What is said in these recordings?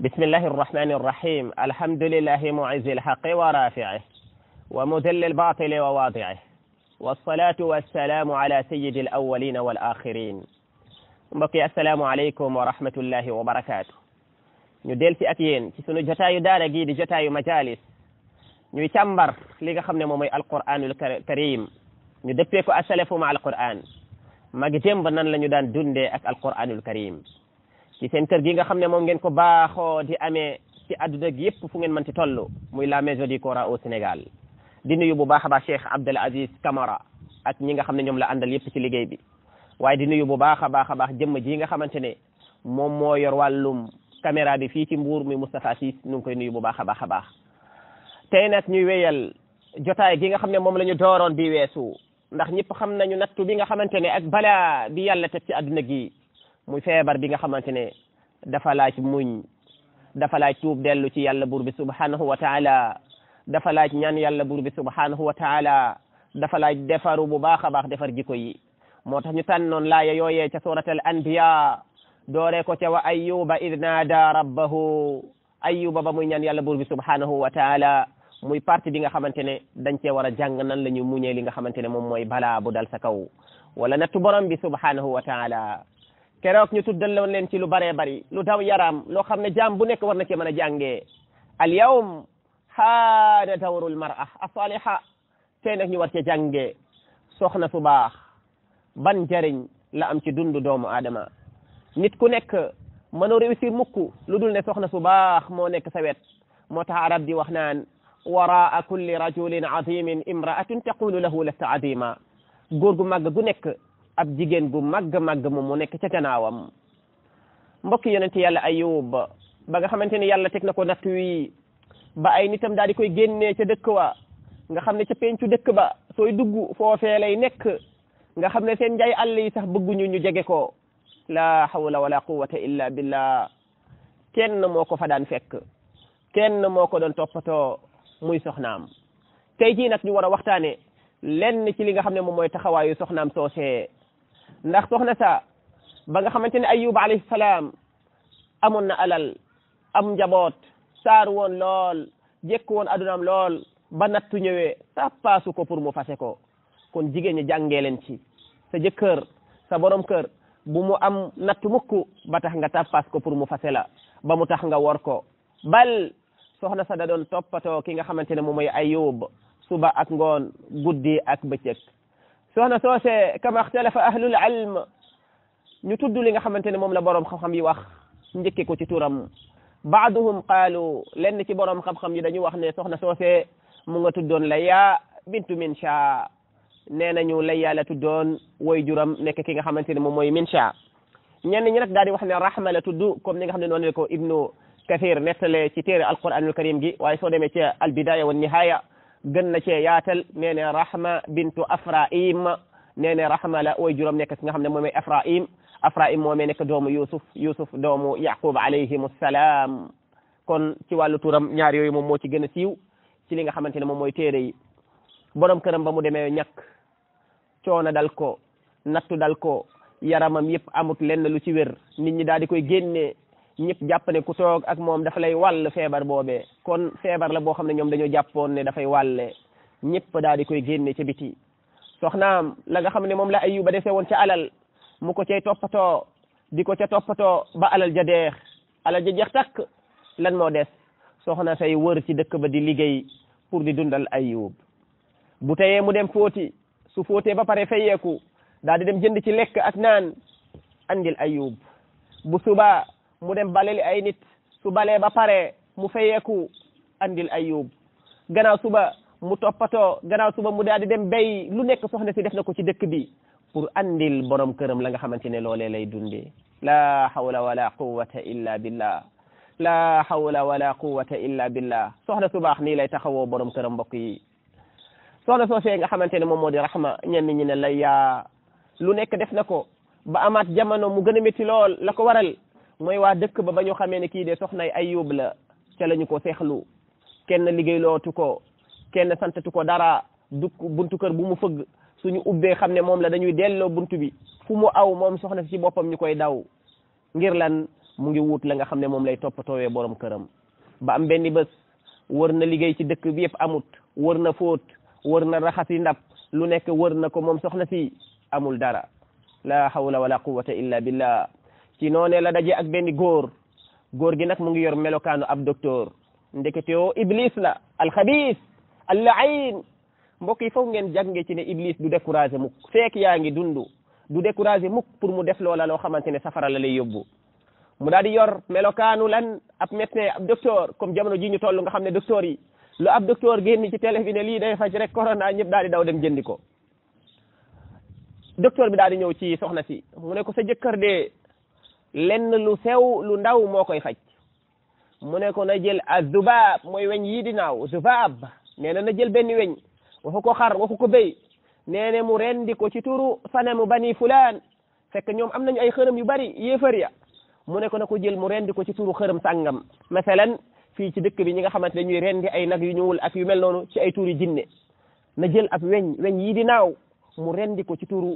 بسم الله الرحمن الرحيم الحمد لله معز الحق ورافعه ومذل الباطل وواضعه والصلاة والسلام على سيد الأولين والآخرين بقي السلام عليكم ورحمة الله وبركاته ندل في أكين كسنو جتايو دارا جيد جتايو مجالس نو تمبر لغا خمنا ممي القرآن الكريم ندبيكو أسلفو مع القرآن ما جتيم بنان لن يدان دوندي أك القرآن الكريم ci seen kër xam ne moom ngeen ko baaxoo di amee ci àdduna gi yëpp fu ngeen mën ti toll muy la maison du Coran au Sénégal di nuyu bu baax a baax Cheikh Abdel Aziz Camara ak ñi nga xam ne ñoom la àndal yëpp ci liggéey bi waaye di nuyu bu baax a baax a baax jëmm ji nga xamante ne moom moo yor wàllum caméra bi fii ci Mbour muy Moustapha Ciss nu ngi koy nuyu bu baax a baax a baax tey jotaay gi nga xam ne moom la ñu dooroon bi weesu ndax ñëpp xam nañu nattu bi nga xamante ne ak balaa bi yàlla teg ci àdduna gi muy feebar bi nga xamante ne dafa laaj muñ dafa laaj tuub dellu ci yàlla buur bi subhanahu wa taala dafa laaj ñaan yàlla buur bi subhanahu wa taala dafa laaj defaru bu baax a baax defar jikko yi moo tax ñu tànnoon laaya yooyee ca suratal anbiya doore ko ca wa ayyuba id naada rabbahu ayyuba ba muy ñaan yàlla buur bi subhanahu wa taala muy parti bi nga xamante ne dañ cee war a jàng nan la ñu muñee li nga xamante ne moom mooy balaa bu dal sa kaw wala nattu bi subhanahu wa keroog ñu tuddaloon leen ci lu baree bari lu daw yaram loo xam ne bu nekk war na ci mën a al yawm haada dawrul mar'a asaliha tey nag ñu war ci jàngee soxna su baax ban jariñ la am ci dundu doomu aadama nit ku nekk mënoo réussir mukk lu ne soxna su baax moo nekk sa wet moo arab di wax naan waraa kulli rajulin azimin imraatun taqulu lahu lasta azima góor gu màgg gu ab jigéen gu màgg màgg moom mu nekk ca gannaawam mbokk yonent yàlla ayub ba nga xamante ne yàlla teg na ko natt wi ba ay nitam daal di koy génnee ca dëkk wa nga xam ne ca pencu dëkk ba sooy dugg foofee lay nekk nga xam ne seen njaay àll yi sax bëgguñu ñu jege ko la xawla wala quwwata illa billah kenn moo ko fa daan fekk kenn moo ko doon toppatoo muy soxnaam tey jii nag ñu war a waxtaane lenn ci li nga xam ne moom mooy taxawaayu soxnaam soosee ndax soxna sa ba nga xamante ne ayuba alayhi salaam amoon na alal am njaboot saar woon lool jekk woon adunaam lool ba nattu ñëwee tappaasu ko pour mu fase ko kon jigéen ñi jàngee leen ci sa jëkkër sa borom kër bu mu am nattu mukk ba tax nga tappaas ko pour mu fase la ba mu tax nga wor ko bal soxna sa da doon toppatoo ki nga xamante ne moom mooy ayub suba ak ngoon guddi ak bëccëg soxna soose kama ixtalafa ahlul ilm ñu tudd li nga xamante ne moom la borom xam-xam yi wax njëkke ko ci turam baaduhum qaalu lenn ci borom xam-xam yi dañu wax ne soxna soose mu nga tuddoon layya bintu minsha nee nañu layya la tuddoon woy juram nekk ki nga xamante ne moom mooy minsha ñenn ñi nag daal di wax ne rahma la tudd comme ni nga xam ne noonu la ko ibnu kathir nettalee ci téere alquranul karim gi waaye soo demee ci albidaaya wa gën na cee yaatal nee ne rahma bintu afraim nee ne rahma la way juróom nekk si nga xam ne moomee afraim afraim moomee nekk doomu yusuf yusuf doomu yaqub alayhim salaam kon ci wàllu turam ñaar yooyu moom moo ci gën a siiw ci li nga xamante ne moom mooy téere yi borom këram ba mu demee ñàkk coono dal ko nattu dal ko yaramam yëpp amut lenn lu ci wér nit ñi daal di koy génnee ñëpp jàpp ne ku toog ak moom dafa lay wàll feebar boobee kon feebar la boo xam ne ñoom dañoo jàppoon ne dafay wàlle ñëpp daal di koy génne ca biti soxnaam la nga xam ne moom la ba dese woon ca alal mu ko cay toppatoo di ko ca toppatoo ba alal ja deex alal ja jeex takk lan moo des soxna fay wër ci dëkk ba di liggéey pour di dundal ayub bu teyee mu dem fóoti su fóotee ba pare fayeeku daal di dem jënd ci lekk ak naan andil ayub bu subaa mu dem baleli ay nit su balee ba pare mu fayeeku andil ay yóob gannaaw suba mu toppatoo gannaaw suba mu daal di dem bay lu nekk soxna si def na ci dëkk bi pour andil borom këram la nga xamante ne lay dundee la hawla wala quwwata illa billah la hawla wala quwwata illa billah soxna su baax nii lay taxawoo borom këram mbokk yi soxna soosee nga xamante ne moom rahma ñenn ñi ne la yaa lu nekk def na ba amaat jamono mu gën métti lool la ko waral mooy waa dëkk ba ba ñu xamee ne kii de ay Ayub la ca lañu ko seexlu kenn liggéeylootu ko kenn santatu ko dara duk bunt kër bu mu fëgg suñu ubbee xam ne moom la dañuy delloo buntu bi fu mu aw moom soxna si ci boppam ñu koy daw ngir lan mu ngi wut la nga xam ne moom lay toppatoowee borom këram ba am benn bés wër na liggéey ci dëkk bi yëpp amut wër na fóot wër na yi ndab lu nekk wër na ko moom soxna si amul dara la hawla wa quwwata illa billah ci noonee la daje ak benn góor góor gi nag mu ngi yor melokaanu ab docteur ndeketewoo iblis la alxabis allain mbokk yi foog ngeen jàngee ci ne iblis du découragé mukk feek yaa ngi dund du découragé mukk pour mu def loola loo xamante ne safara la lay yóbbu mu daal di yor melokaanu lan ab médecin ab docteur comme jamono ji ñu toll nga xam ne docteur yi lu ab docteur génn ci télé bi ne lii day faj rek corona ñëpp daal di daw dem jëndi ko docteur bi daal ñëw ci soxna si mu ko sa jëkkër lenn lu sew lu ndaw moo koy faj mu ne ko na jël azubaab mooy weñ yii di naaw zubaab nee na na jël benn weñ waxu ko xar waxu ko béy nee mu rendi ko ci turu sanamu bani fulaan fekk ñoom am nañu ay xërëm yu bari yéefar ya mu ne ko jël mu rendi ko ci turu xërëm sàngam masalan fii ci dëkk bi ñi nga xamante ne ñuy rendi ay nag yu ñuul ak yu mel noonu ci ay turi jinne na jël ab weñ weñ yii di naaw mu rendi ko ci turu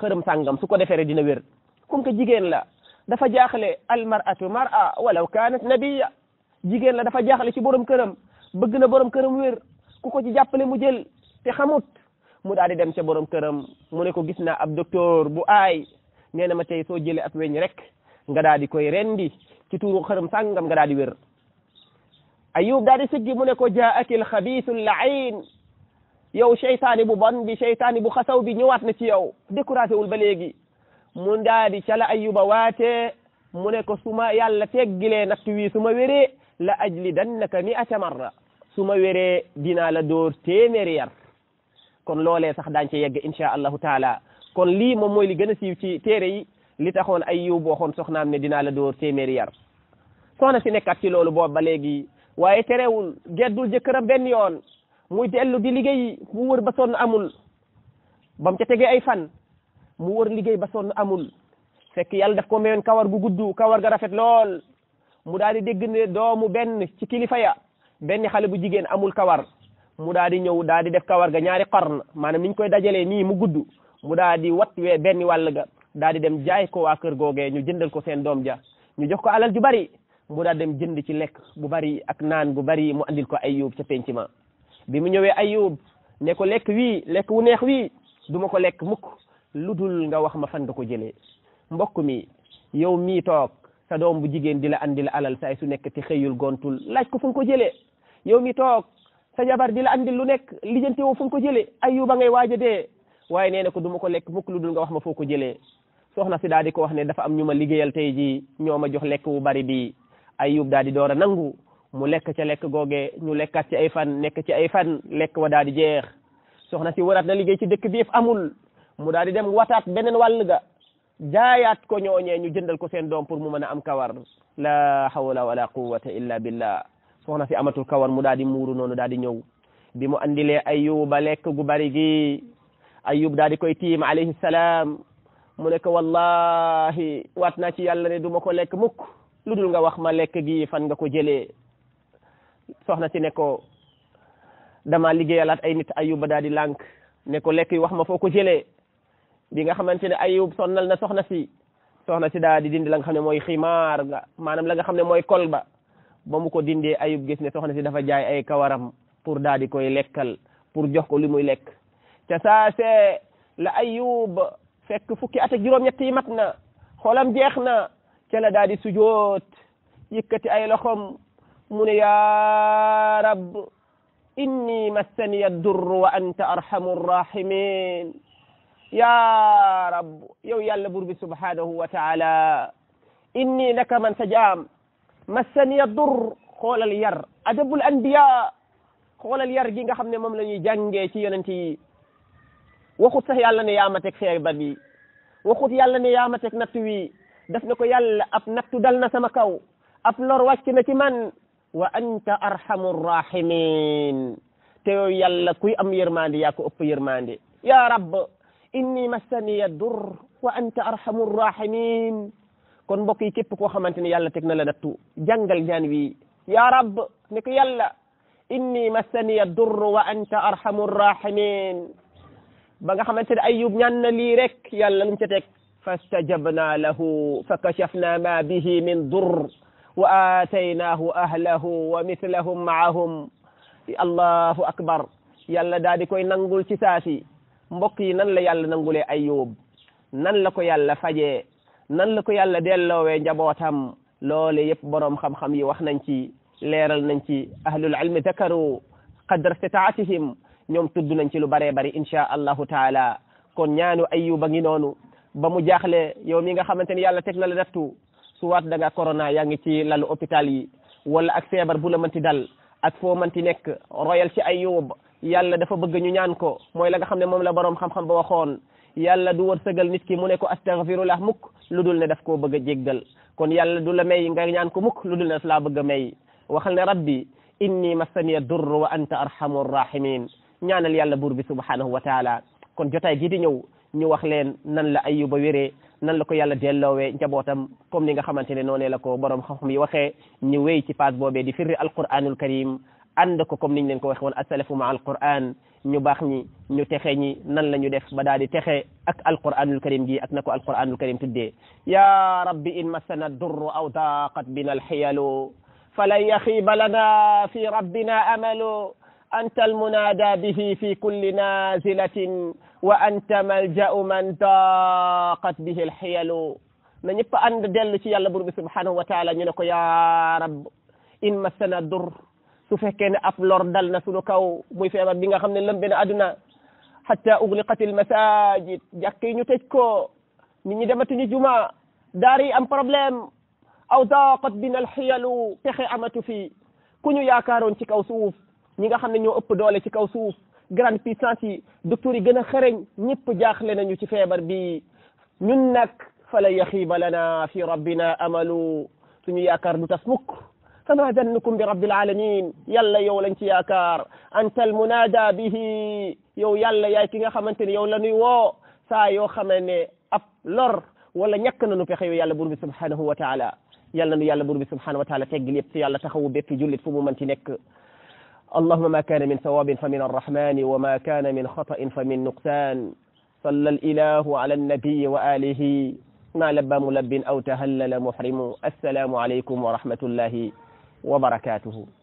xërëm sàngam su ko defee dina wér comme que la dafa jaaxle almaratu mar'a walaw kanat nabiya jigéen la dafa jaaxle ci borom këram bëgg na borom këram wér ku ko ci jàppale mu jël te xamut mu daal di dem ca borom këram mu ne ko gis naa ab docteur bu ay nee na ma tey soo jëlee ab weñ rek nga daal di koy rendi ci tuuru xërëm sàngam nga daal di wér ayub daal di siggi mu ne ko jaakil xabiisu laayin yow seytaani bu bon bi seytaani bu xasaw bi ñëwaat na ci yow découragé wul ba léegi mu daadi cala ayyuba waate mu ne ko suma yàlla teggilee nattu wi suma wéree la ajli dannaka mi ata marra suma wéree dinaa la dóor téeméeri yar kon loolee sax daañ ci yegg insha allahu taala kon lii moom mooy li gën a siiw ci téere yi li taxoon ayyub waxoon soxnaam ne dinaa la dóor téeméeri yar soxna si nekkat ci loolu boobu ba léegi waaye terewul geddul jëkkëram benn yoon muy dellu di liggéey mu wër ba sonn amul bam ca tegee ay fan mu war liggéey ba sonn amul fekk yàlla def ko meyoon kawar gu gudd kawar ga rafet lool mu daal di dégg ne doomu benn ci kilifa ya benn xale bu jigéen amul kawar mu daal di ñëw daal di def kawar ga ñaari xarn maanaam ni ñu koy dajalee nii mu gudd mu daal di wat wee benn wàll ga daal di dem jaay ko waa kër googee ñu jëndal ko seen doom ja ñu jox ko alal ju bari mu daal dem jënd ci lekk bu bari ak naan bu bari mu andil ko ayub ca penc ma bi mu ñëwee ayub ne ko lekk wii lekk wu neex wii du ko lekk mukk lu ludul nga wax ma fan nga ko jëlee mbokk mi yow mii toog sa doom bu jigéen di la andil alal saay su nekk te xëyul gontul laaj ko fu ko jëlee yow mi toog sa jabar di la andil lu nekk lijjanti te fu nga ko jëlee ayu ba ngay waaj a waaye nee na ko du ma ko lekk mukk ludul nga wax ma foo ko jëlee soxna si daal di ko wax ne dafa am ñu ma liggéeyal tey ji ñoo ma jox lekk wu bari bi ayub daal di door a nangu mu lekk ci lekk googe ñu lekkaat ci ay fan nekk ci ay fan lekk wa daal di jeex mu daal di dem wataat beneen wàll jaayaat ko ñooñee ñu jëndal ko seen doom pour mu mën a am kawar la hawla wala quwwata illa billah soxna si amatul kawar mu daal di muuru noonu daal di ñëw bi mu andilee ayuba lekk gu bari gi ayub daal di koy tiim alayhi mu nekk ko wallahi waat naa ci yàlla ne du ma ko lekk mukk lu dul nga wax ma lekk gi fan nga ko jëlee soxna si ne ko dama liggéeyalaat ay nit ayuba daal di lànk ne ko lekk yi wax ma foo ko jëlee bi nga xamantene ne ayub sonnal na soxna si soxna ci daal di dindi la nga xamne moy khimar nga manam la nga xamne moy kol ba ba mu ko dindé ayub gis ne soxna ci dafa jaay ay kawaram pour daal di koy lekkal pour jox ko limuy lek ca sa sé la ayub fekk fukki at ak juróom-ñett yi matna xolam jeexna ca la daal di sujoot yëkkati ay loxom mu ne yaa rab inni ad-durr wa anta arhamur rahimin يا رب يو يالا بربي سبحانه وتعالى إني لك من تجام مسني الضر خول الير أدب الأنبياء خول الير جينا خمني مملني جنجي تي يننتي وخط سهي الله نيامتك خير بابي وخط يالا نيامتك نتوي دفنا كو يالا أب نتو دلنا سمكو أب لور واشكنا من وأنت أرحم الراحمين تيو يالا كوي أم يرماندي يا كو أب يرماندي يا رب inni massaniya dur wa anta arhamu rahimin kon mbokk yi képp koo xamante ne yàlla teg na la nattu jàngal ñaan wi ya rab ne ko yàlla inni massaniya dur wa anta arhamu rahimin ba nga xamante ne ayub ñaan na lii rek yàlla lu mu ca teg fastajabna lahu fa kashafna ma bihi min dur wa aataynaahu ahlahu wa mislahum maahum allahu akbar yàlla daal di koy nangul ci saasi mbokk yi nan la yàlla nangulee ayub nan la ko yàlla fajee nan la ko yàlla delloowee njabootam loole yëpp borom xam-xam yi wax nañ ci leeral nañ ci ahlul ilmi dakaru qadra istitaatihim ñoom tudd nañ ci lu baree bari insha allahu taala kon ñaanu ayuba ngi noonu ba mu jaaxle yow mi nga xamante ni yàlla teg na la deftu suwaat da nga corona yaa ngi ci lalu hôpital yi wala ak feebar bu la mënti dal ak foo mënti nekk royal ci ayub yàlla dafa bëgg ñu ñaan ko moy la nga xamne mom la borom xam-xam ba waxoon yàlla du wërsëgal nit ki mu ne ko astaghfirullah muk ludul ne daf ko bëgg jéggal kon yàlla du la may nga ñaan ko muk ludul ne la bëgg may waxal ne rabbi inni massaniya durr wa anta arhamur rahimin ñaanal yàlla bur bi subhanahu wa taala kon jotay gi di ñëw ñu wax leen nan la ayyuba wéré nan la ko yàlla delowé njabotam comme ni nga xamantene noné la ko borom xam-xam yi waxé ñu wéy ci page bobé di firri alquranul karim andako comme niñ len ko won as-salafu ma'al qur'an ñu bax ñi ñu texe ñi nan lañu def ba daal texe ak al-qur'anul karim gi ak nako al-qur'anul karim tuddé ya rabbi in massana durru aw daqat bina al-hiyalu falan yakhib lana fi rabbina amalu أنت المنادى به في كل نازلة وأنت ملجأ من ضاقت به الحيل من يبقى أن دل يالا بور سبحانه وتعالى يا رب إن مسنا الضر su fekkee ne ab lor dal na suñu kaw muy feebar bi nga xam ne lëmbe na àdduna hatta ugliqatil masajid jàkk ñu tëj ko nit ñi demati ñu juma daar yi am problème aw daaqat bina alxiyalu pexe amatu fi ku ñu yaakaaroon ci kaw suuf ñi nga xam ne ñoo ëpp doole ci kaw suuf grande puissance yi docteur yi gën a xereñ ñëpp jaaxle nañu ci feebar bi ñun nag fala yaxiiba lana fi rabbina amalu suñu yaakaar du tas mukk فما ذنكم برب العالمين يلا يو لنتي يا كار انت المنادى به يو يلا يا كيغا خمانتني يو لنوي و سا يو خماني اف لور ولا نيك نانو فخيو يالا بورب سبحانه وتعالى يلا نو يالا بورب سبحانه وتعالى تيغل يب يلا تخاو بيب جلد فومو مانتي نيك اللهم ما كان من ثواب فمن الرحمن وما كان من خطا فمن نقصان صلى الاله على النبي واله ما لبى ملب او تهلل محرم السلام عليكم ورحمه الله وبركاته